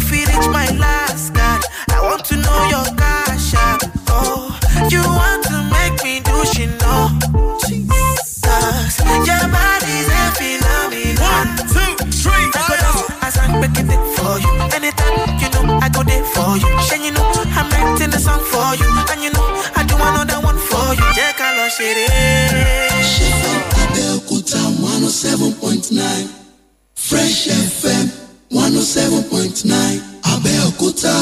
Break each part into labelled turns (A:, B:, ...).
A: no fit reach my last card. I want to know your cash Oh, you want to make me do she know? Jesus, your body's a phenomenon. One, two, three, I go down, I sang back it for you. Anytime you know, I go there for you. Shane, you know, I'm writing a song for you, and you know, I do another one for you. Yeah, Carlo, shit Chef Abel 107.9 Fresh FM. one oh seven point nine Abẹ́òkúta.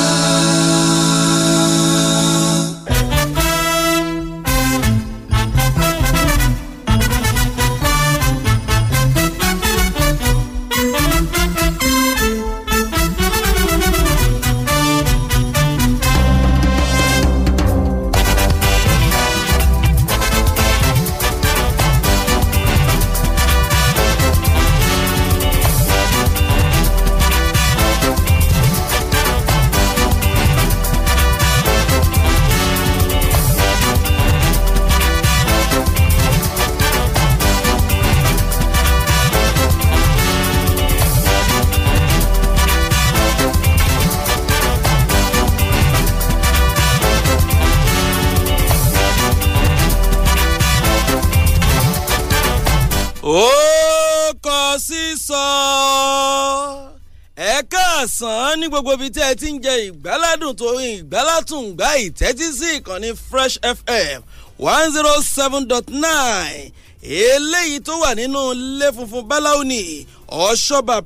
A: ní gbogbo ibi tí ẹ ti ń jẹ ìgbáládùn torí ìgbálátùn gba ìtẹ́tí sí ìkànnì fresh fm one zero seven dot nine eléyìí tó wà nínú ilé funfun báláwo ni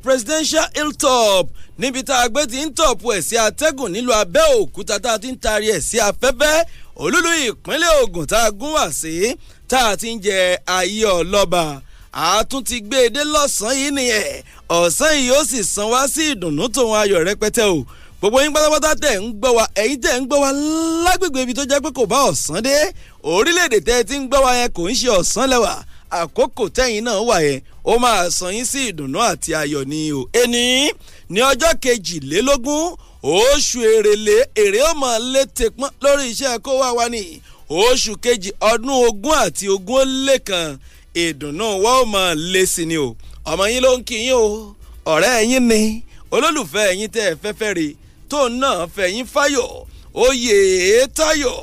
A: presidential hilltop níbi tá a gbé ti ń tọ̀pù ẹ̀ sí atẹ́gùn nílùú abẹ́òkúta tá a ti ń taari ẹ̀ sí afẹ́fẹ́ olúlu ìpínlẹ̀ ogun tá a gún wá sí tá a ti ń jẹ ayé ọlọ́ba àtún ti gbé e dé lọ́sàn-án yìí nìyẹn ọ̀sán yìí ó sì san wá sí ìdùnnú tòun ayọ̀ rẹpẹtẹ o gbogbo yín pátápátá tẹ̀ ń gbọ́ wa ẹ̀yin tẹ̀ ń gbọ́ wa lágbègbè ibi tó jẹ́ pé kò bá ọ̀sán dé orílẹ̀-èdè tẹ́ ti ń gbọ́ wa yẹn kò ń ṣe ọ̀sán lẹ́wà àkókò tẹ́yìn náà wà yẹn ó máa sọ yín sí ìdùnnú àti ayọ̀ ni o ẹni ní ọjọ́ kejìlélógún oṣù èrèlé èrè ọmọ létè pọ́n lórí iṣẹ́ kó wá wa ní oṣù kejì ọdún ogún àti ogún ó lé kan ìdùnnú wa ó mọ̀ lé sí ni o ọmọ yín ló ń kí yín o ọ̀rẹ́ yín ni olólùfẹ́ yín tẹ́ ẹ fẹ́fẹ́ rè tóun náà fẹ̀yìn fáyọ̀ oyè táyọ̀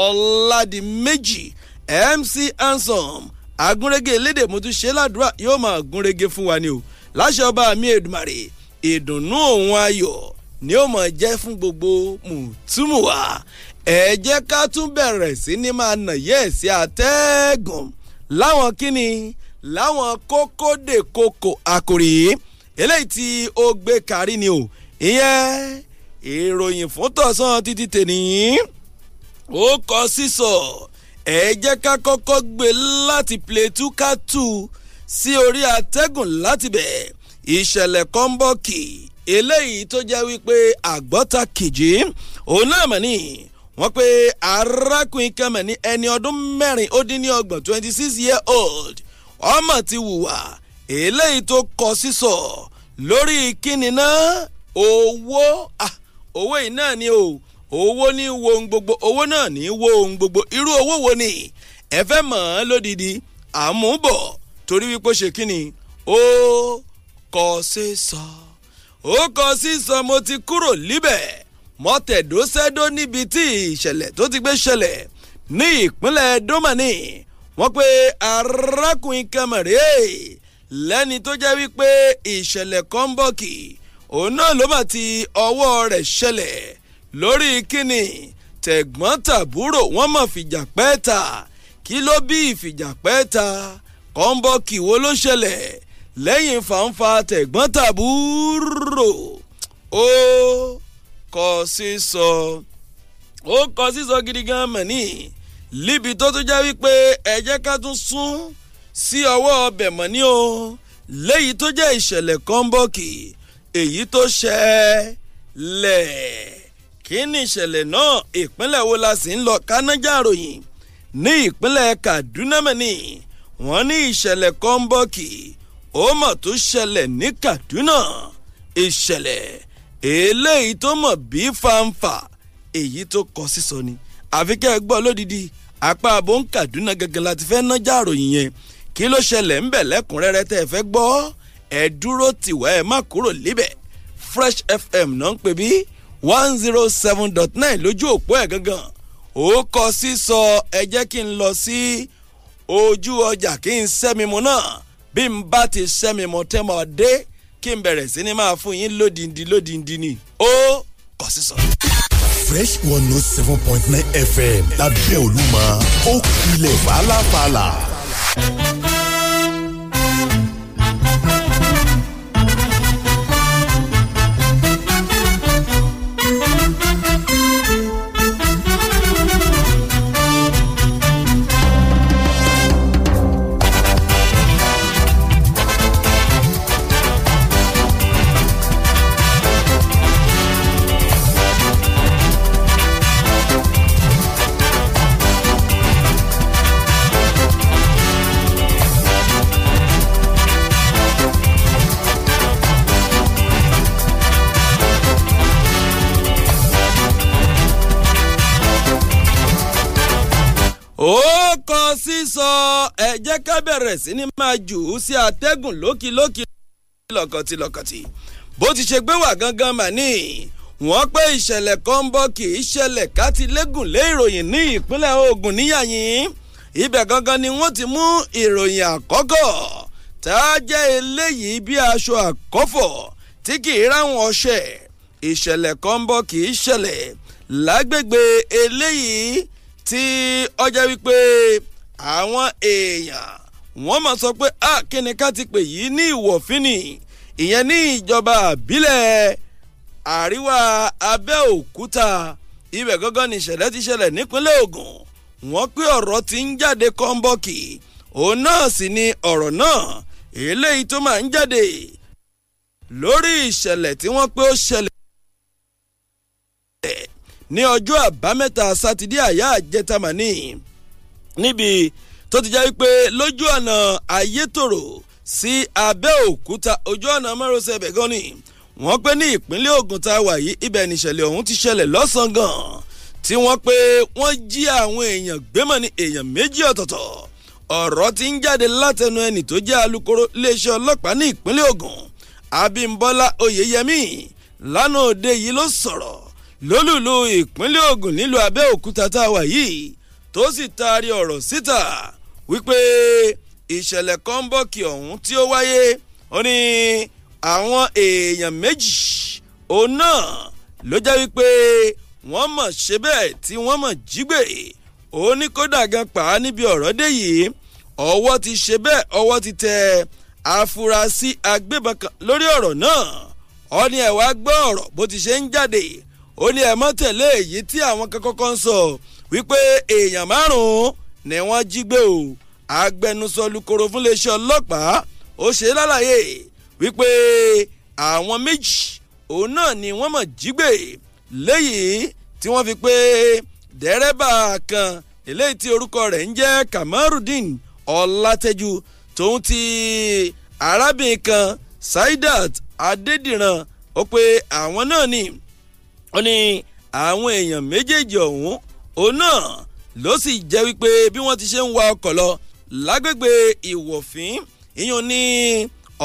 A: ọ̀làdìmẹ́jì mc ansom agúnrégé elédè mọ́túnṣe ládùúrà yóò máa gúnrégé fún wa ni o láṣẹ mi èdùmàrè ìdùnnú òun ayọ̀ ni ó máa jẹ́ fún gbogbo mùtúmùwà ẹ jẹ́ ká tún bẹ̀rẹ̀ sí ni máa nà yẹ́ ẹ̀ sí atẹ́gùn láwọn kíni láwọn kókódè kòkò àkòrí eléyìí tí ó gbé kárí ni o ìyẹn ìròyìn fún tọ̀sán títí tèní ó kọ sísọ ẹ jẹ́ ká kọ́kọ́ gbé láti plẹ̀tù ká tù sí orí atẹ́gùn láti bẹ̀ ìṣẹ̀lẹ̀ kan bọ́ kì eléyìí tó jẹ́ wípé àgbọ́ta kìjì òun náà mọ̀ nìyí wọ́n pe arákùnrin kan mọ̀ ní ẹni ọdún mẹ́rin ó dín ní ọgbọ̀n twenty six year old ọmọ ti wùwà eléyìí tó kọ sísọ lórí kíni náà owó owó yìí náà ni o owó ní wo ohun gbogbo owó náà ní wo ohun gbogbo irú owó wo ni ẹ fẹ́ mọ̀ ọ́n lódìdí àmúbọ̀ torí wípé ṣe kíni ó kọ sísọ ó kọ sísọ mo ti kúrò líbẹ̀ mọ́tẹ̀dọ́sẹ́dọ́ níbi tí ìṣẹ̀lẹ̀ tó ti gbé ṣẹlẹ̀ ní ìpínlẹ̀ domani wọ́n pe arákùnrin kẹmẹ̀rẹ́ lẹ́ni tó jẹ́ wípé ìṣẹ̀lẹ̀ kan bọ̀ kì òun náà ló bá ti ọwọ́ rẹ̀ ṣẹlẹ̀ lórí kíni tẹ̀gbọ́n-tàbúrò wọ́n mọ̀ fìjà pẹ́ ta kí ló bí ìfìjà pẹ́ ta kọ́ńbọ́ọ̀kì wo ló ṣẹlẹ̀ lẹ́yìn fàǹfà tẹ̀gbọ́n-tàbúrò Oh kọ sísọ ó kọ sísọ gidi gan mọ̀ ní líbi tó tún jẹ́ wípé ẹ jẹ́ ká tún sún sí ọwọ́ ọbẹ̀ mọ̀ ní o léyìí tó jẹ́ ìṣẹ̀lẹ̀ kọ́ńbọ̀kì èyí tó ṣẹlẹ̀ kí ni ìṣẹ̀lẹ̀ náà ìpínlẹ̀ wo la sì ń lọ kánájà ròyìn ní ìpínlẹ̀ Kaduna mẹ́ni wọ́n ní ìṣẹ̀lẹ̀ kọ́ńbọ̀kì ó mọ̀ tó ṣẹlẹ̀ ní Kaduna ìṣẹ̀lẹ̀ eléyìí tó mọ̀ bí fanfa èyí tó kọ sísọ ni àfi kẹ́ ẹ gbọ́ lódìdí apá àbò ń Kàdúnà gangan láti fẹ́ nájà àròyìn yẹn kí ló ṣẹlẹ̀ ń bẹ̀ lẹ́kùnrẹ́rẹ́ tẹ́ ẹ fẹ́ gbọ́ ẹ dúró tìwẹ́ ẹ má kúrò líbẹ̀ Fresh FM náà ń pè bí one zero oh seven dot nine lójú òpó ẹ̀ gangan ó kọ sísọ ẹ jẹ́ kí n lọ sí ojú ọjà kí n sẹ́mi mu náà bí n bá ti sẹ́mi mu tẹ́ mọ̀ dé kí n bẹ̀rẹ̀ sí ni máa fún yín lódìndí lódìndí ni ó kọ sísọ. fresh one note oh seven point nine fm lábẹ́ olúmọ ó kilẹ̀ fàlàfàlà. jẹ́ ká bẹ̀rẹ̀ sí ni máa jù ú sí atẹ́gùn lókìlókì lọ́kọ̀tìlọ́kọ̀tì bó ti ṣe gbé wà gangan mà ní wọ́n pé ìṣẹ̀lẹ̀ kan ń bọ̀ kì í ṣẹlẹ̀ kátìlẹ́gùn lé ìròyìn ní ìpínlẹ̀ Ògùn níyàyín ibẹ̀ gangan ni wọ́n ti mú ìròyìn àkọ́kọ́ tá a jẹ́ eléyìí bí aṣọ àkọ́fọ̀ tí kì í ráwọn ọṣẹ ìṣẹ̀lẹ̀ kan ń bọ̀ kì í ṣẹlẹ̀ lágbègbè eléyìí tí ọjọ́ wípé àwọn èèyàn wọ́n máa sọ pé a ah, kí ni ká ti pè yìí ní ìwọ̀fínì ìyẹn ní ìjọba àbílẹ̀ àríwá abẹ́òkúta ibẹ̀ gángan ni ìṣẹ̀lẹ̀ ti ṣẹlẹ̀ nípínlẹ̀ Ògùn wọ́n pé ọ̀rọ̀ ti ń jáde kọ́ńbọ́ọ̀kì òun náà sì ni ọ̀rọ̀ náà eléyìí tó máa ń jáde lórí ìṣẹ̀lẹ̀ tí wọ́n pé ó ṣẹlẹ̀ ní ọjọ́ àbámẹ́ta sátidé àyà àjẹtàmánì níbi tó ti jẹ́ wípé lójú ọ̀nà ayétòrò sí abẹ́òkúta ojú ọ̀nà márosẹ̀ ẹ̀bẹ̀ gan ni wọ́n pé ní ìpínlẹ̀ ogun tá a wà yìí ibẹ̀ nìṣẹ̀lẹ̀ ọ̀hún ti ṣẹlẹ̀ lọ́sàn-án gan tí wọ́n pé wọ́n jí àwọn èèyàn gbémọ̀ ní èèyàn méjì ọ̀tọ̀ọ̀tọ̀ ọ̀rọ̀ ti ń jáde látẹnu ẹnì tó jẹ́ alukoro iléeṣẹ́ ọlọ́pàá ní ìpínlẹ̀ ogun abimbola oyeyemi lánàá òde yìí ló sọ̀rọ̀ lólùlù ìpínlẹ̀ ogun nílùú abẹ́òkúta tá a wà yìí tó sì taari ọ̀rọ̀ síta wípé ìṣẹ̀lẹ̀ kọ́ńbọ̀kì ọ̀hún tí ó wáyé ó ní àwọn èèyàn méjì òun náà ló jẹ́ wípé wọ́n mọ̀ ṣe bẹ́ẹ̀ tí wọ́n mọ̀ jí òun ní kódà gan pa á níbi ọ̀rọ̀ dé yìí ọwọ́ ti ṣe bẹ́ẹ̀ ọwọ́ ti tẹ afurasí agbébọn kan lórí ọ̀rọ̀ náà ó ní ẹ̀ wá gbọ́ ọ̀rọ̀ bó ti ṣe ń jáde ó ní ẹ̀ mọ́ èyí tí àwọn kan ń sọ so wípé èèyàn márùn-ún ni wọ́n jí gbé o agbẹnusọ lukoro fún iléeṣẹ́ ọlọ́pàá ó ṣe lálàyé wípé àwọn méjì òun náà ni wọ́n mọ̀ jí gbé léyìí tí wọ́n fi pé dẹ́rẹ́bà kan eléyìí tí orúkọ rẹ̀ ń jẹ́ kamarudin ọlátẹ́jú tòun ti arábìnrin kan saidat adédìran ó pé àwọn náà ni ó ní àwọn èèyàn méjèèjì ọ̀hún òun náà ló sì jẹ́ wípé bí wọ́n ti ṣe ń wa ọkọ̀ lọ lágbègbè ìwọ̀fín ìyún ní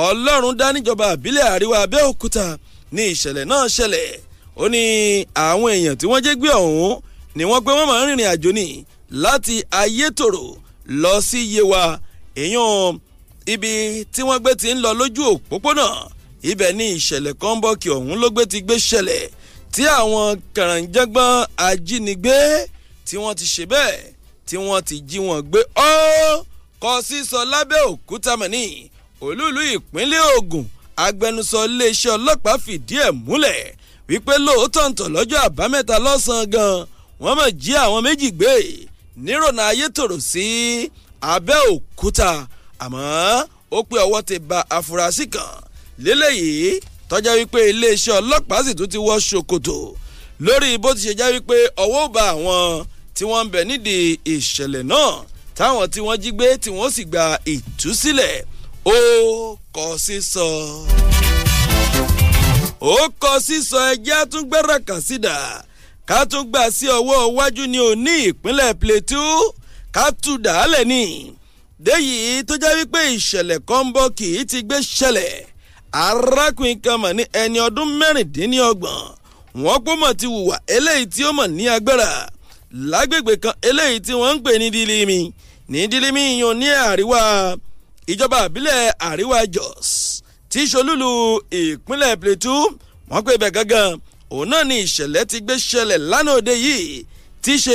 A: ọlọ́run dáníjọba àbílẹ̀ àríwá abẹ́òkúta ní ìṣẹ̀lẹ̀ náà ṣẹlẹ̀ ó ní àwọn èèyàn tí wọ́n jẹ́ gbé ọ̀hún ni wọ́n pé wọ́n máa ń rìnrìn àjò ní láti ayétòrò lọ sí yewa èèyàn ibi tí wọ́n gbé ti ń lọ lójú òpópónà ibẹ̀ ni ìṣẹ̀lẹ̀ kọ́ńbọ́ọ̀kì ọ̀hún ló gbé ti gbé ṣẹlẹ̀ tí àwọn kàràǹjẹ́gbọ́n ajínigbé tí wọ́n ti ṣe bẹ́ẹ̀ tí wọ́n ti jí wọn gbé ó kọ sísọ lábẹ́ òkúta mẹ́ni olúùlú ìpínlẹ̀ Ògùn agbẹnusọ iléeṣẹ́ ọlọ́pàá fìdí ẹ̀ múlẹ̀ wípé lóòótọ́ ń tọ̀ lọ́jọ́ àbámẹ́ta lọ́sàn-án gan wọ́n mọ̀ jí àwọn méjì gbé nírònà ayétòrò sí Abẹ́òkúta àmọ́ ó pé ọwọ́ ti ba afurasí kan lélẹ́yìí tọ́já wípé iléeṣẹ́ ọlọ́pàá sì tún ti wọ ṣòkòtò lórí bó ti ṣe já wípé ọwọ́ bá àwọn tí wọ́n ń bẹ̀ nídìí ìṣẹ̀lẹ̀ náà táwọn tí wọ́n jí gbé tí wọ́n sì gba ìtúsílẹ̀ ó kọ sísọ. ó kọ sísọ ẹjẹ́ àtúngbẹ́rẹ́ kan sídà ká tún gbà sí ọwọ́ iwájú ní òní ìpínlẹ̀ plateau ká tù dàálẹ̀ ni déyìí tó jẹ́ wípé ìṣẹ̀lẹ̀ kan bọ́ kì í ti gbé ṣẹlẹ̀ arákùnrin kan mọ̀ ní ẹni ọdún mẹ́rìndínlọ́gbọ̀n wọ́n pọ́ mọ̀ ti hùwà eléyìí tí ó mọ̀ ní agbára lágbègbè kan eléyìí tí wọ́n ń pè ní dílímì ní dílímì yun ní àríwá ìjọba àbílẹ̀ àríwá Jos tí solúlu ìpínlẹ̀ Plateau wọ́n pè bẹ̀ gángan òun náà ni ìṣẹ̀lẹ̀ ti gbé ṣẹlẹ̀ lánàá òde yìí tí ṣe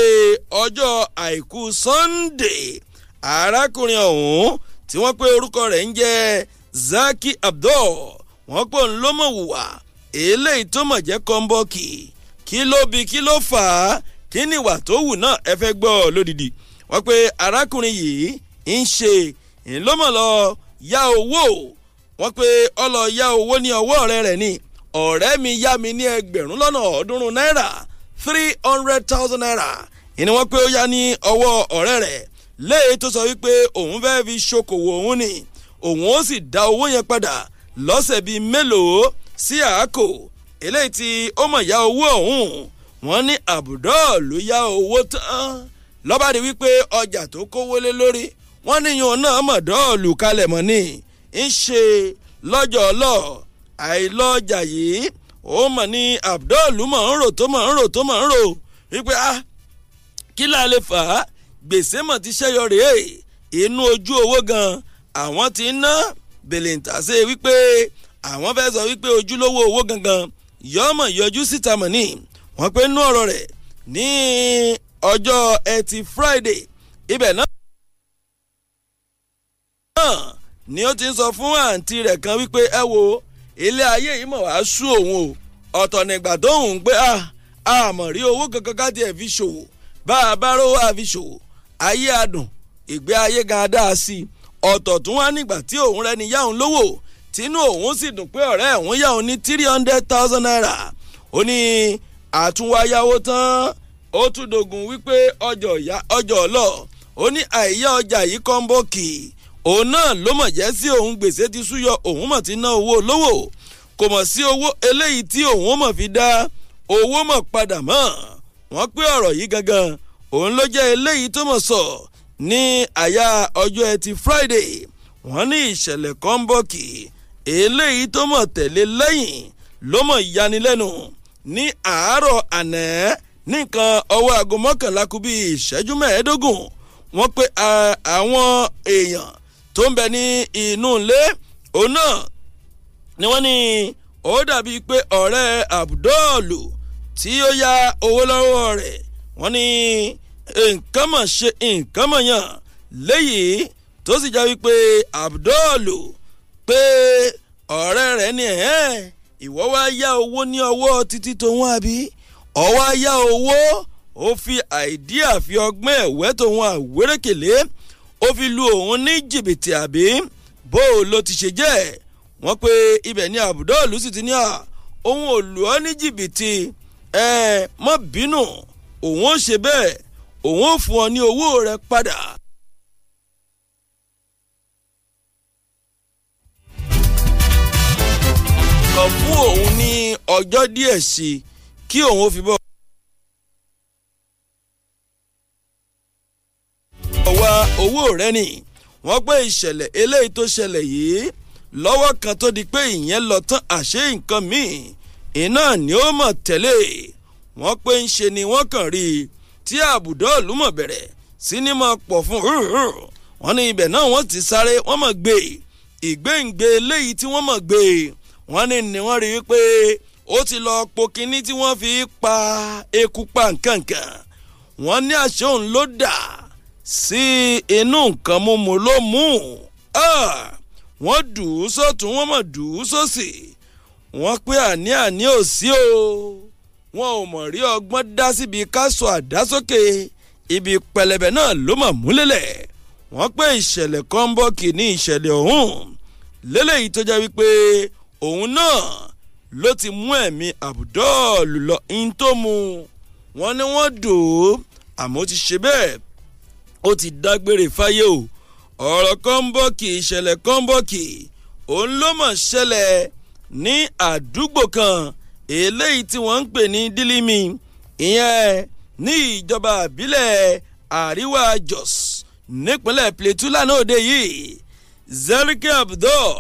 A: ọjọ́ àìkú Sunday arákùnrin ọ̀hún tí wọ́n pè orúkọ rẹ̀ ń jẹ́ Zaki Abdul wọ́n pò ń lómọ̀wùwà eléyìí tó mọ̀ jẹ́ kọ́ńbọ́ọ̀kì kí ló bí kí ló fà á kí ni ìwà tó wù náà ẹ fẹ́ gbọ́ lódìdí wọ́n pé arákùnrin yìí ń ṣe ńlọ́mọ̀lọ́ yá owó wọ́n pé ọlọ yá owó ní ọwọ́ ọ̀rẹ́ rẹ̀ ni ọ̀rẹ́ mi yá mi ní ẹgbẹ̀rún lọ́nà ọ̀ọ́dúnrún náírà three hundred thousand naira ìní wọ́n pé ó yá ní ọwọ́ ọ̀rẹ́ rẹ̀ léyìí tó sọ wípé òun fẹ́ fi ṣokòwò òun ni òun ó sì dá owó yẹn padà lọ́sẹ̀ bíi mélòó sí àákò eléyìí tí ó mọ̀ yá owó ọ̀hún wọ́n ní àbùdọ́ ló yá owó tán lọ́ba rí wípé ọjà tó kówó lé lórí wọ́n níyàn náà mọ̀ dọ́ọ̀lù kalẹ̀ mọ́ ni ń ṣe lọ́jọ́ ọlọ́ àìlọ́jà yìí ó mọ̀ ní abdul mọ̀ ń rò tó mọ̀ ń rò tó mọ̀ ń rò wípé ah kí la lè fà á gbèsè mọ̀ ti ṣẹ́yọ rèé inú ojú owó gan àwọn ti ná bèlèǹtàṣe wípé àwọn fẹ́ sọ wípé ojúlówó owó gangan yọmọ yọjú síta mọ̀ ní wọ́n pé nú ọ̀rọ̀ rẹ̀ ní ọjọ́ ẹtì Friday ibẹ̀ náà ni ó ti ń sọ fún àǹtí rẹ̀ kan wípé ẹ wo ilé ayé yìí mọ̀ wá sú òun o ọ̀tọ̀ nígbà tó ń gbé ah, a àmọ̀ rí owó kankan ká tiẹ̀ fi ṣòwò bá a bá rówó àfi ṣòwò ayé adùn ìgbé ayé gan dáa sí ọ̀tọ̀ tún wá nígbà tí òun rẹ ni yáhùn lówó tínú òun sì dùn pé ọ̀rẹ́ òun yáhùn ní three hundred thousand naira ó ní àtúnwáyáwó tán ó tún dogun wípé ọjọ́ ìyá ọjọ́ ọlọ́ ó ní àìyá ọjà yìí kọ́ńbọ́ọ̀kì òun náà ló mọ̀ jẹ́ sí òun gbèsè ti súyọ òun mọ̀ ti ná owó olówó kò mọ̀ sí owó eléyìí tí òun mọ̀ fi dá owó mọ̀ padà mọ́ wọ́n pé ọ̀rọ̀ yìí gangan òun ló jẹ́ eléyìí tó mọ̀ sọ ní àyà ọjọ́ ẹtì Friday wọ́n ní ìṣẹ̀lẹ̀ kọ́ńbọ́ọ̀kì eléyìí tó mọ̀ tẹ̀lé lẹ́yìn ló mọ̀ yanilẹ́nu ní àárọ̀ àná ní nǹkan ọwọ́ aago mọ́kànlá kù bíi ìṣẹ́jú mẹ́ẹ̀ẹ́dógún wọ́n pé àwọn èèyàn tó ń bẹ ní inú ilé òun náà ni wọ́n ní ó dàbí pé ọ̀rẹ́ abdullu tí ó ya owó lọ́wọ́ rẹ̀ wọ́n ní nǹkan mọ̀ ṣe nǹkan mọ̀ yàn léyìí tó sì já wípé abdullu pé ọ̀rẹ́ rẹ̀ ni ẹ̀ẹ́ ìwọ wá yá owó ní ọwọ́ títí tòun àbí ó wá yá owó ó fi àìdí àfi ọgbọ́n ẹ̀wẹ́ tòun àwérékèlé ó fi lu òun ní jìbìtì àbí bó o ló ti ṣe jẹ́ wọ́n pé ibẹ̀ ni àbùdá òlù sì ti ní à òun ò lù ọ́ ní jìbìtì ẹ má bínú òun ó ṣe bẹ́ẹ̀ òun ó fún ọ ní owó rẹ padà. kàn fún òun ní ọjọ́ díẹ̀ sí i kí òun ó fi bọ́. ọ̀wá owó rẹ̀ ni wọ́n gbé ìṣẹ̀lẹ̀ eléyìí tó ṣẹlẹ̀ yìí lọ́wọ́ kan tó di pé ìyẹn lọ tán àṣé nǹkan míì iná ni ó mọ̀ tẹ́lẹ̀ wọ́n pé ń ṣe ni wọ́n kàn rí i tí àbùdá òlùmọ̀ bẹ̀rẹ̀ sí pọ̀ fún wọn ní ibẹ̀ náà wọ́n ti sáré wọ́n mọ̀ gbé ìgbéǹgbé eléyìí tí wọ́n mọ̀ gbé e wọ́n ní ní wọ́n rí i pé ó ti lọ po kinní tí wọ́n fi pa eku pa nkankan wọ́n ní àṣẹ òun ló dà sí inú nǹkan mímu ló mú wọ́n dùn ún sọ́tún wọ́n mọ̀ dùn ún sósì wọ́n pé àní àní ò sí o wọn ò mọ̀ rí ọgbọ́n dá síbi káṣọ àdásókè ibi pẹlẹbẹ náà ló mọ̀ múlẹ̀lẹ̀ wọ́n pé ìṣẹ̀lẹ̀ kan ń bọ́ kì ní ìṣẹ̀lẹ̀ ọ̀hún lélẹ́yìí tó jẹ́ wípé òun náà ló ti mú ẹ̀mí àbùdọ́ọ̀lù lọ in tó mu wọ́n ní wọ́n dò ó àmọ́ ó ti ṣe bẹ́ẹ̀ ó ti dágbére fáyé o ọ̀rọ̀ kọ́ńbọ́ọ̀kì ìṣẹ̀lẹ̀ kọ́ńbọ́ọ̀kì òun ló mọ̀ ṣẹlẹ̀ ní àdúgbò kan eléyìí tí wọ́n ń pè ní dílímì ìyẹn ní ìjọba àbílẹ̀ àríwá Jos nípínlẹ̀ Plateau lánàá òde yìí Zerike Abdul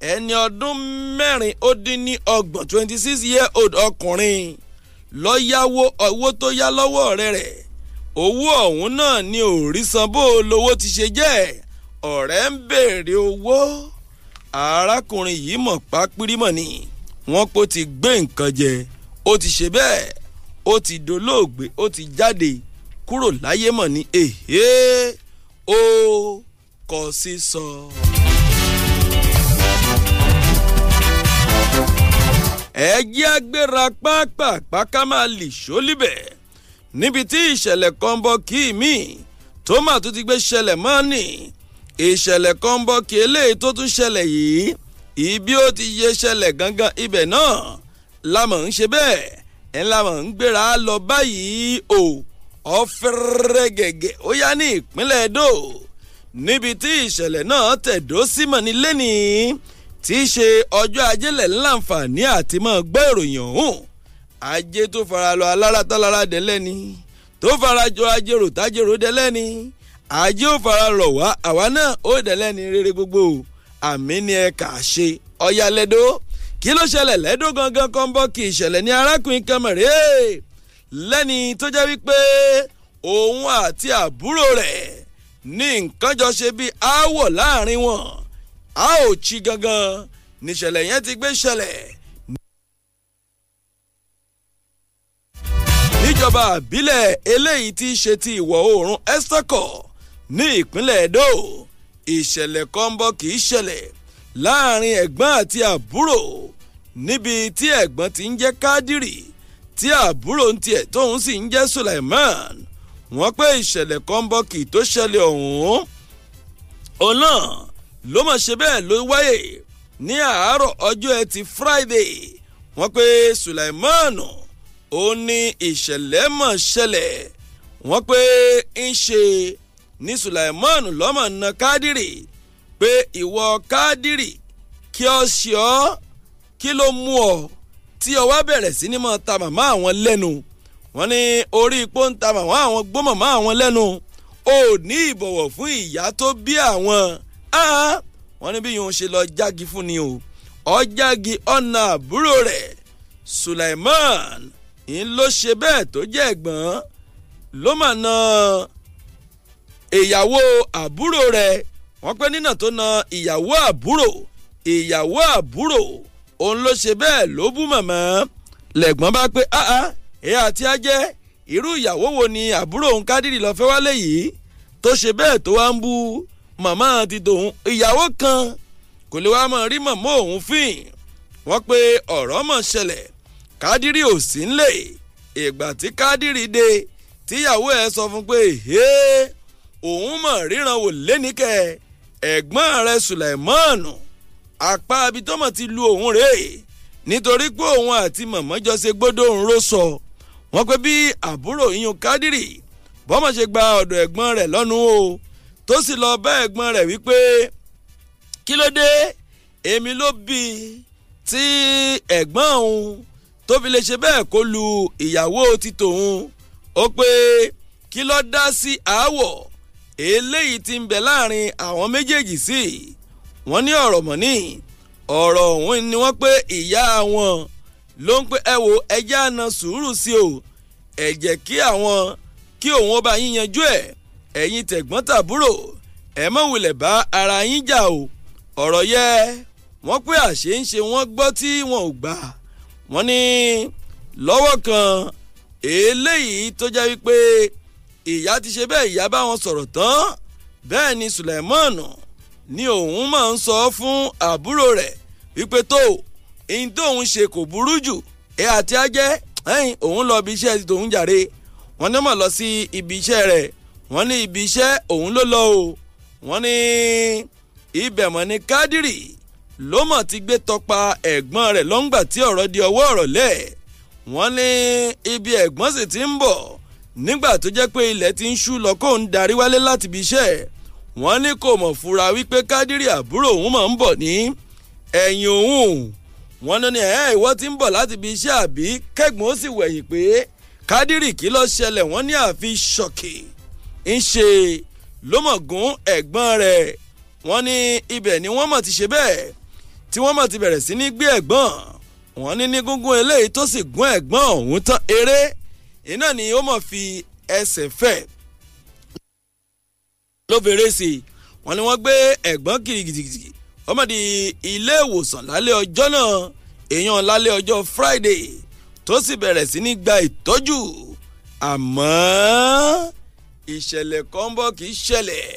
A: ẹni ọdún mẹ́rin ó dín ní ọgbọ̀n twenty six year old ọkùnrin lọ yáwó owó tó yá lọ́wọ́ ọ̀rẹ́ rẹ̀ owó ọ̀hún náà ni òòrí san bó lowó ti ṣe jẹ́ ọ̀rẹ́ ń béèrè owó arákùnrin yìí mọ̀ pápírímọ̀ ni wọ́n kó ti gbé nǹkan jẹ ó ti ṣe bẹ́ẹ̀ ó ti dolóògbé ó ti jáde kúrò láyé mọ̀ ní èhé ó kò sí sọ. So. ẹ jẹ́ agbéra pápápá ká máa lè ṣó líbẹ̀ níbi tí ìṣẹ̀lẹ̀ kan bọ́ kí mi tó mà tó ti gbé ṣẹlẹ̀ mọ́ ni ìṣẹ̀lẹ̀ kan bọ́ kí eléyìí tó tún ṣẹlẹ̀ yìí ibi ó ti yé ṣẹlẹ̀ gangan ibẹ̀ náà lámọ̀ ń ṣe bẹ́ẹ̀ ẹ̀ lámọ̀ ń gbéra lọ báyìí o ọ̀fẹ́rẹ́ gẹ̀gẹ̀ ó yá ní ìpínlẹ̀ Edo níbi tí ìṣẹ̀lẹ̀ náà tẹ̀dó símọ̀ ní lẹ́nìí tí í ṣe ọjọ́ ajílẹ̀ ńláǹfààní àti máa gbọ́ ìròyìn ọ̀hún ajé tó fara lọ alára tálára dẹ́lẹ́ ni tó fara jọ ajérò tájérò dẹ́lẹ́ ni ajé ò fara rọ̀ wá àwa náà ó dẹ́lẹ́ ni rere gbogbo àmì ni ẹ kà ṣe ọ̀yà lẹ́dọ́ kí ló ṣẹlẹ̀ lẹ́dọ́ gangan kan bọ́ kí ìṣẹ̀lẹ̀ ní arákùnrin kan mọ̀rẹ́ lẹ́ni tó jẹ́ wípé òun àti àbúrò rẹ̀ ní nǹkan jọ ṣe bí aáwọ̀ láàrin wọn a ò jí gangan níṣẹ̀lẹ̀ yẹn ti gbé ṣẹlẹ̀. níjọba àbílẹ̀ eléyìí ti ṣe ti ìwọ̀ oòrùn estaco ní ìpínlẹ̀ edo ìṣẹ̀lẹ̀ kọ́ńbọ́ kì í ṣẹlẹ̀ láàrin ẹ̀gbọ́n àti àbúrò níbi tí ẹ̀gbọ́n ti ń jẹ́ kádìrì tí àbúrò ń tiẹ̀ tóun sì ń jẹ́ suleiman wọ́n pé ìṣẹ̀lẹ̀ kọ́ńbọ́ kì í tó ṣẹlẹ̀ ọ̀hún. òun náà ló mọ̀ ṣe bẹ́ẹ̀ ló wáyé ní àárọ̀ ọjọ́ ẹtì Friday wọ́n pé Sulaiman ó ní ìṣẹ̀lẹ̀ mọ̀ ṣẹlẹ̀ wọ́n pé ń ṣe ní Sulaiman lọ́mọ̀ na Kádìrì pé ìwọ Kádìrì kí ọ ṣe ọ kí ló mú ọ tí ọ wá bẹ̀rẹ̀ sí ni mọ̀ ta màmá àwọn lẹ́nu wọ́n ní orí ipò ń ta màmá àwọn gbó màmá àwọn lẹ́nu ò ní ìbọ̀wọ̀ fún ìyá tó bí àwọn Ah, wọ́n ní bí yòún ṣe lọ jági fún ni o ọ̀jági ọ̀nà àbúrò rẹ̀ Sulaiman ń ló ṣe bẹ́ẹ̀ tó jẹ́ ẹ̀gbọ́n ló mà na ìyàwó àbúrò rẹ̀ wọ́n pẹ́ nínà tó na ìyàwó àbúrò ìyàwó àbúrò òun ló ṣe bẹ́ẹ̀ ló bú màmá lẹ́gbọ́n bá pé áá ah, ah, ẹ àti ajẹ́ irú ìyàwó wo ni àbúrò òun Kádìrì lọ́ọ́ fẹ́ wálé yìí tó ṣe bẹ́ẹ̀ tó wá ń bú màmá ti tòun ìyàwó kan kò lè wá mọ̀ rí màmá òun fín wọ́n pé ọ̀rọ̀ mọ̀ ṣẹlẹ̀ kádírì ò sí ń lè ìgbà tí kádírì dé tíyàwó ẹ̀ sọ fún pé hee òun mọ̀ ríran wò lénìkẹ́ ẹ̀gbọ́n rẹ̀ sùlẹ̀mọ́ọ̀nù apá abitọ́mọ̀ ti lu òun rèé nítorí pé òun àti màmá jọ ṣe gbọ́dọ̀ òun ló sọ wọ́n pé bí àbúrò yín kádírì bọ́mọ̀ ṣe gba ọ̀dọ̀ ẹ̀gbọ́n rẹ̀ lọ́nu o tó sì lọ bá ẹ̀gbọ́n rẹ̀ wípé kí ló dé èmi ló bí tí ẹ̀gbọ́n òun tó fi lè ṣe bẹ́ẹ̀ kó lu ìyàwó ti tòun ó pé kí ló dá sí àáwọ̀ eléyìí ti ń bẹ láàrin àwọn méjèèjì sí wọ́n ní ọ̀rọ̀ mọ̀ ní ọ̀rọ̀ ọ̀hún ni wọ́n pé ìyá wọn ló ń pé ẹ wo ẹjẹ́ àna sùúrù sí o ẹ jẹ́ kí àwọn kí òun ó bá yín yanjú ẹ̀ ẹ̀yin tẹ̀gbọ́n tàbúrò ẹ mọ̀ wulẹ̀ bá ara yín jà o ọ̀rọ̀ yẹ wọ́n pé àṣẹ ń ṣe wọ́n gbọ́ tí wọn ò gbà wọ́n ní lọ́wọ́ kan eléyìí tó jẹ́ wípé ìyá ti ṣe bẹ́ẹ̀ ìyá bá wọn sọ̀rọ̀ tán bẹ́ẹ̀ ni Suleiman ni òun máa ń sọ fún àbúrò rẹ̀ wípé tó èyí tóun ṣe kò burú jù ẹ àti ajẹ́ ẹ̀yìn òun lọ ibi iṣẹ́ tòun jàre wọ́n ní mọ̀ lọ sí ibi iṣẹ́ rẹ̀ wọ́n ní ibi iṣẹ́ òun ló lọ o wọ́n ní ibẹ̀ mọ̀ ní kádìrì ló mọ̀ ti gbé tọpa ẹ̀gbọ́n rẹ̀ lọ́ngbà tí ọ̀rọ̀ di ọwọ́ ọ̀rọ̀ lẹ̀ wọ́n ní ibi ẹ̀gbọ́n sì ti ń bọ̀ nígbà tó jẹ́ pé ilẹ̀ ti ń ṣú lọ kó ń darí wálé láti ibi iṣẹ́ wọ́n ní kò mọ̀ fura wípé kádìrì àbúrò òun mọ̀ ń bọ̀ ní ẹ̀yìn òun wọ́n ní ẹ̀ ìwọ́ ti ń bọ̀ láti ibi iṣẹ́ àbí kẹ́gbọ́n sì wẹ̀yìn pé kádìrì kí ló ṣẹlẹ̀ wọ́n ní àfi ṣọ̀kì ń ṣe ló mọ̀ gún ẹ̀gbọ́n rẹ̀ wọ́n ní ibẹ̀ ni wọ́n mọ̀ ti ṣe bẹ́ẹ̀ tí wọ́n mọ̀ ti bẹ̀rẹ̀ sí ní gbé ẹ̀gbọ́n wọ́n ní ní gúngún eléyìí tó sì gún ẹ̀gbọ́n ọ̀hún tán eré iná ni ó mọ̀ fi ẹsẹ̀ fẹ̀ ló fèrè sí i wọ́n ní wọ́n gbé ẹ̀gbọ́n gidigidi wọ́n ilé ìwòsàn lálẹ́ ọjọ́ náà èèyàn lálẹ́ ọjọ́ Friday tó sì bẹ̀rẹ̀ sí ní gba ìtọ́jú àmọ́ ìṣẹ̀lẹ̀ kan bọ̀ kì í ṣẹlẹ̀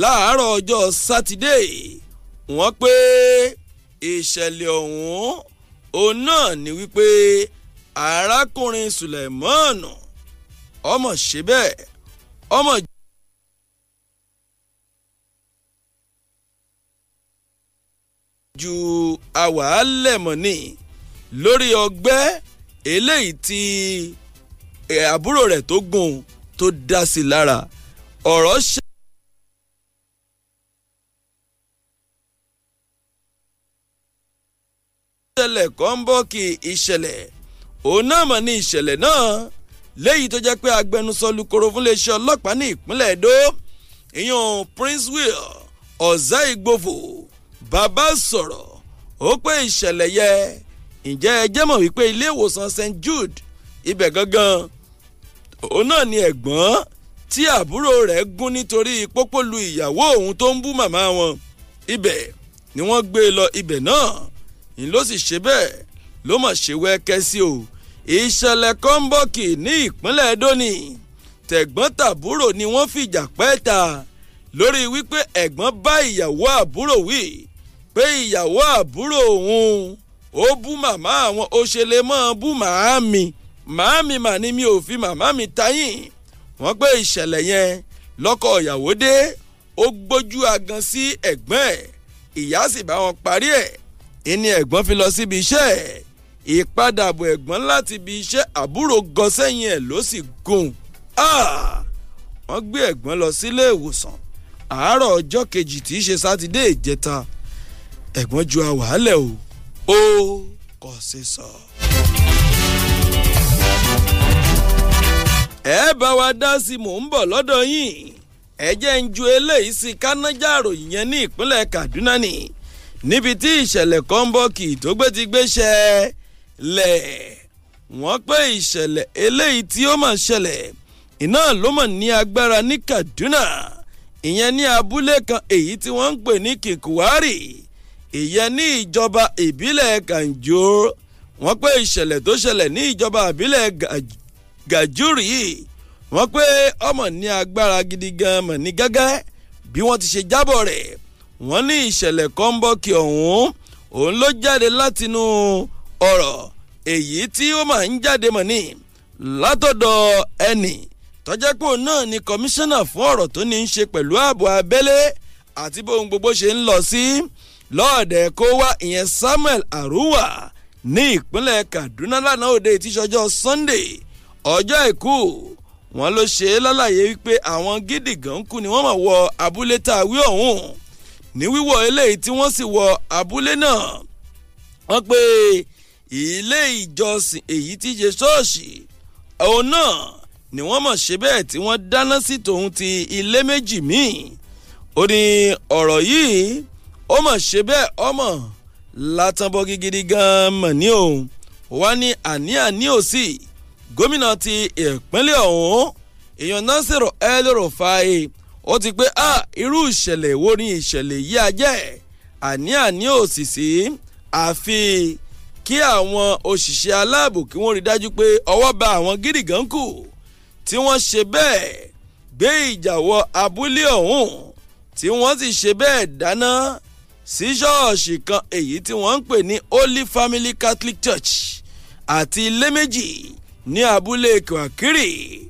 A: láàárọ̀ ọjọ́ sátidé wọ́n pé ìṣẹ̀lẹ̀ ọ̀hún òun náà ni wípé arákùnrin Suleiman ọmọ ṣe bẹ́ẹ̀ ọmọ. ju àwàálẹ̀ mọ̀ ni lórí ọgbẹ́ eléyìí tí àbúrò rẹ̀ tó gùn tó dá sí lára ọ̀rọ̀ ṣe. ìṣẹ̀lẹ̀ kan ń bọ́ kí ìṣẹ̀lẹ̀ òun náà mọ̀ ní ìṣẹ̀lẹ̀ náà léyìí tó jẹ́ pé agbẹnusọ lukoro fún iléeṣẹ́ ọlọ́pàá ní ìpínlẹ̀ Èdó ìyẹn Prince Will ọ̀zá ìgbòfò bàbá sọ̀rọ̀ ó pé ìṣẹ̀lẹ̀ yẹ ǹjẹ́ ẹ jẹ́ mọ̀ wípé ilé ìwòsàn St Jude ibẹ̀ gangan òun náà ni ẹ̀gbọ́n tí àbúrò rẹ̀ gún nítorí pópó lu ìyàwó òun tó ń bú màmá wọn ibẹ̀ ni wọ́n gbé e lọ ibẹ̀ náà ni ló sì ṣe bẹ́ẹ̀ ló mọ̀ ṣe wẹ́kẹ́ sí o ìṣẹ̀lẹ̀ kọ́ńbọ́ọ̀kì ní ìpínlẹ̀ dóní tẹ̀gbọ́n-tàbúrò ni wọ́n fìjà pẹ́ ta lórí wípé ẹ̀gbọ́n bá ìyàwó àbúrò wí pé ìyàwó àbúrò òun ó bú màmá àwọn ó ṣe lè mọ́ bú màá mi màámi mà ni mi ò fi màmá mi tayín wọ́n gbé ìṣẹ̀lẹ̀ yẹn lọ́kọ ìyàwó dé ó gbójú agan sí ẹ̀gbọ́n ẹ̀ ìyá sì bá wọn parí ẹ̀ ìní ẹ̀gbọ́n fi lọ síbi iṣẹ́ ẹ̀ ìpadàbọ̀ ẹ̀gbọ́n láti ibi iṣẹ́ àbúrò gan sẹ́yìn ẹ̀ ló sì gùn ah! wọ́n gbé ẹ̀gbọ́n lọ sílé ìwòsàn àárọ̀ ọjọ́ kejì tí í ṣe sátidé ìjẹta ẹ̀gbọ́n ju àwàálẹ̀ o ó kò ṣe sọ. ẹ bá wa dá sí mò ń bọ̀ lọ́dọ̀ yìí ẹ jẹ́ ń ju eléyìí sí kánájàrò yẹn ní ìpínlẹ̀ Kaduna ni níbi tí ìṣẹ̀lẹ̀ kan ń bọ́ kì í tó gbé ti gbé lẹ̀ wọ́n pé ìṣẹ̀lẹ̀ eléyìí tí ó mà ṣẹlẹ̀ iná ló mà ní agbára ní Kaduna ìyẹn ní abúlé kan èyí tí wọ́n ń pè ní Kikuwari ìyẹn ní ìjọba ìbílẹ̀ Ganjo wọ́n pé ìṣẹ̀lẹ̀ tó ṣẹlẹ̀ ní ìjọba ìbílẹ̀ Ganjo gajuri yìí wọ́n pé ọmọ ní agbára gidi gan mọ̀ ní gẹ́gẹ́ bí wọ́n ti ṣe jábọ̀ rẹ̀ wọ́n ní ìṣẹ̀lẹ̀ kan bọ́ kí ọ̀hún òun ló jáde látinú ọ̀rọ̀ èyí tí ó máa ń jáde mọ̀ ní látọ̀dọ̀ ẹnì tọ́jẹ́pọ̀ náà ni kọmíṣánná fún ọ̀rọ̀ tó ní í ṣe pẹ̀lú ààbò abẹ́lé àti bóun gbogbo ṣe ń lọ sí lọ́ọ̀dẹ̀ kó wá ìyẹn Samuel Aruwa ní ìpínlẹ̀ Kaduna lánàá òde ìtíṣọjọ́ Sunday ọjọ́ àìkú wọn ló ṣe é lálàyé wípé àwọn gidi gan kú ni wọ́n mọ̀ wọ abúlé tá a wí ọ̀hún ní wíwọ̀ eléyìí tí wọ́n sì wọ abúlé náà wọ́n pe ilé ìjọsìn èyí tí ṣe ṣọ́ọ̀ṣì òun náà ni wọ́n mọ̀ ṣe bẹ́ẹ̀ tí wọ́n dáná sí tòun ti ilé méjì míì ó ní ọ̀rọ̀ yìí ó mọ̀ ṣe bẹ́ẹ̀ ọmọ látàn bọ́ gidi gan mọ̀ ní òun wá ní àní àní òsì. Si gómìnà ti ìpínlẹ̀ ọ̀hún èèyàn nasiru elrufai ó ti pé a irú ìṣẹ̀lẹ̀ wo ni ìṣẹ̀lẹ̀ yìí ajẹ́ àní àní òsìsì àfi kí àwọn òṣìṣẹ́ aláàbò kí wọ́n rí dájú pé ọwọ́ ba àwọn gírígàn kù tí wọ́n ṣe bẹ́ẹ̀ gbé ìjà abúlé ọ̀hún tí wọ́n sì ṣe bẹ́ẹ̀ dáná sí ṣọ́ọ̀ṣì kan èyí tí wọ́n ń pè ní holy family catholic church àti ilé méjì ní abúlé kwakiri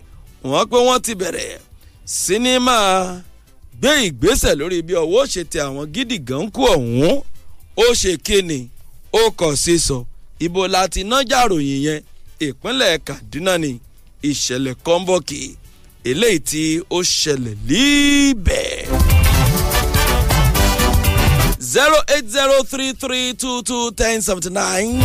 A: wọ́n pé wọ́n ti bẹ̀rẹ̀ sinima gbé ìgbésẹ̀ lórí bí ọwọ́ ṣe tẹ àwọn gidi gan kú ọ̀hún ó ṣe kíni ó kọ̀ sí sọ ibo láti nájà ròyìn yẹn ìpínlẹ̀ kaduna ni ìṣẹ̀lẹ̀ kọ́ńbọ̀kì eléyìí tí ó ṣẹlẹ̀ líbẹ̀. zero eight zero three three two two ten seventy nine.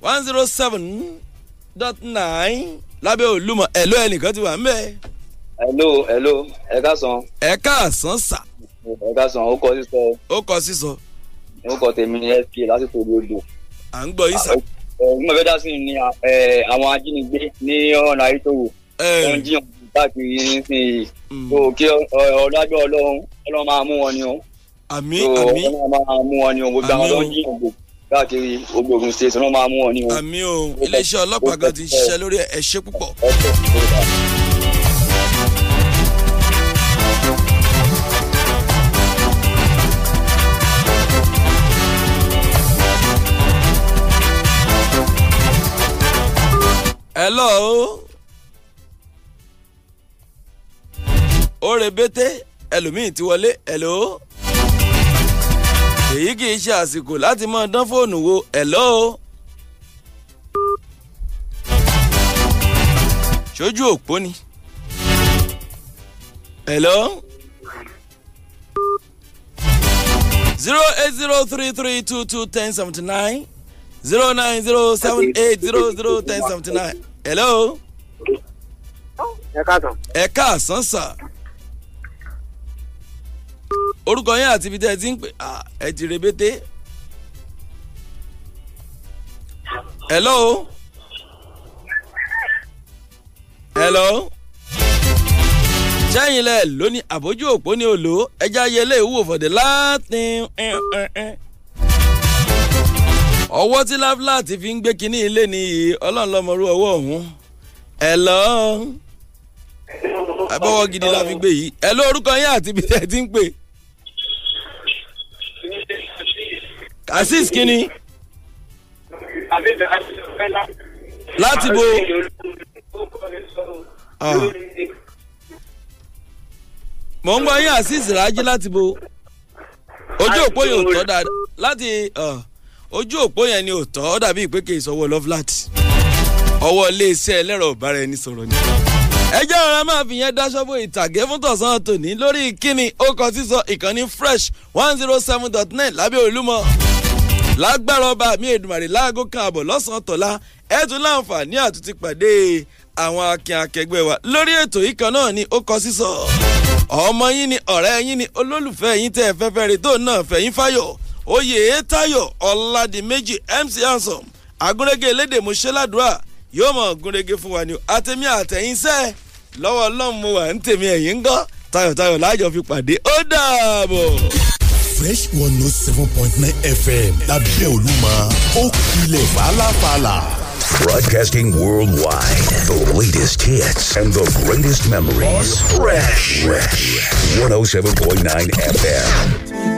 A: one zero seven dot nine lábẹ́ olúmọ ẹ̀ló ẹnìkan ti wà ń bẹ̀. ẹ̀ló ẹ̀ló ẹ káàsán. ẹ káàsán sà. ẹ káàsán ó kọ sísọ. ó kọ sísọ. ó kọ tèmi ní fp lásìkò gbogbo. à ń gbọ́ yìí sà. mo fẹ́ dá sí ni àwọn ajínigbé ní ọ̀nà àìtòwò. wọ́n jiyàn káàkiri nísìnyí. tó mm. kí ọ̀dájọ́ ọlọ́run ọlọ́run máa mú wọn ni o. àmì àmì ọlọ́run máa mú wọn ni o gbogbo àwọn ọlọ́run jiyàn gbogbo káàkiri gbogbo Ògùn state máa mú wọn ní wọn. àmì o iléeṣẹ́ ọlọ́pàá gan ti ṣiṣẹ́ lórí ẹ̀ púpọ̀. hello ó rebete ẹlòmíì ti wọlé hello èyí kì í ṣe àsìkò láti máa dán fóònù wo hello. ṣojú òpó ni. hello. zero eight zero three three two two ten seventy nine zero nine zero seven eight zero zero ten seventy nine hello. ẹ káàsán. ẹ káàsán sà orúkọ yín àti ibi tẹ́ ẹ ti ń pè ẹ ti rebete. hello. hello. sẹ́yìn lẹ̀ lónìí àbójú òpó ni òlò ẹja ayé ìwúwo fọ̀dé látìn ọwọ́ tí láfíláàtì fi ń gbé kinní ilé ni ọlọ́run lọ́mọrú ọwọ́ ọ̀hún ẹ lọ gidi la fi gbé yìí ẹ lórúkọ yín àti ibi tẹ́ ẹ ti ń pè é. Azeez kini. láti bo. Ah. mò ń gbọ́ yín Azeez rájí láti bo ojú òpó yẹn ò tọ́ dáadáa láti ah, ojú òpó yẹn ni ò tọ́ ó dàbí ìpéke ìsọwọ́ lovelat ọwọ́ iléeṣẹ́ ẹlẹ́rọ ìbára ẹni sọ̀rọ̀ ni. ẹ jẹ́ ọ̀rọ̀ máa fi yẹn dáṣọ́bù ìtàgé fún tọ̀sán tòní lórí kíni ó kọ sísọ ìkànnì fresh one zero seven dot nine lábẹ́ olúmọ lágbára ọba mi Èdùmàrè láago kan àbọ̀ lọ́sàn-án tọ̀la ẹ láǹfààní pàdé àwọn akin akẹgbẹ́ lórí ètò yìí náà ni ó kọ sísọ ọmọ yín ni ọ̀rẹ́ yín ni olólùfẹ́ yín tẹ́ fẹ́fẹ́ náà fẹ̀yìn fáyọ̀ oyè tayo mc elédè fresh one note oh seven point nine fm lábẹ́ olúmọ ó kulẹ̀ fàlàfàlà. Broadcasting worldwide, the latest hits and the greatest memories. Fresh, Fresh, 107.9 FM.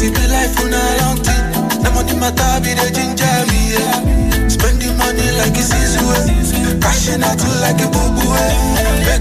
A: See the life on a long time. Now money matter be the ginger me. Yeah. Spend the money like it's easy way. Cashing out like a boo boo.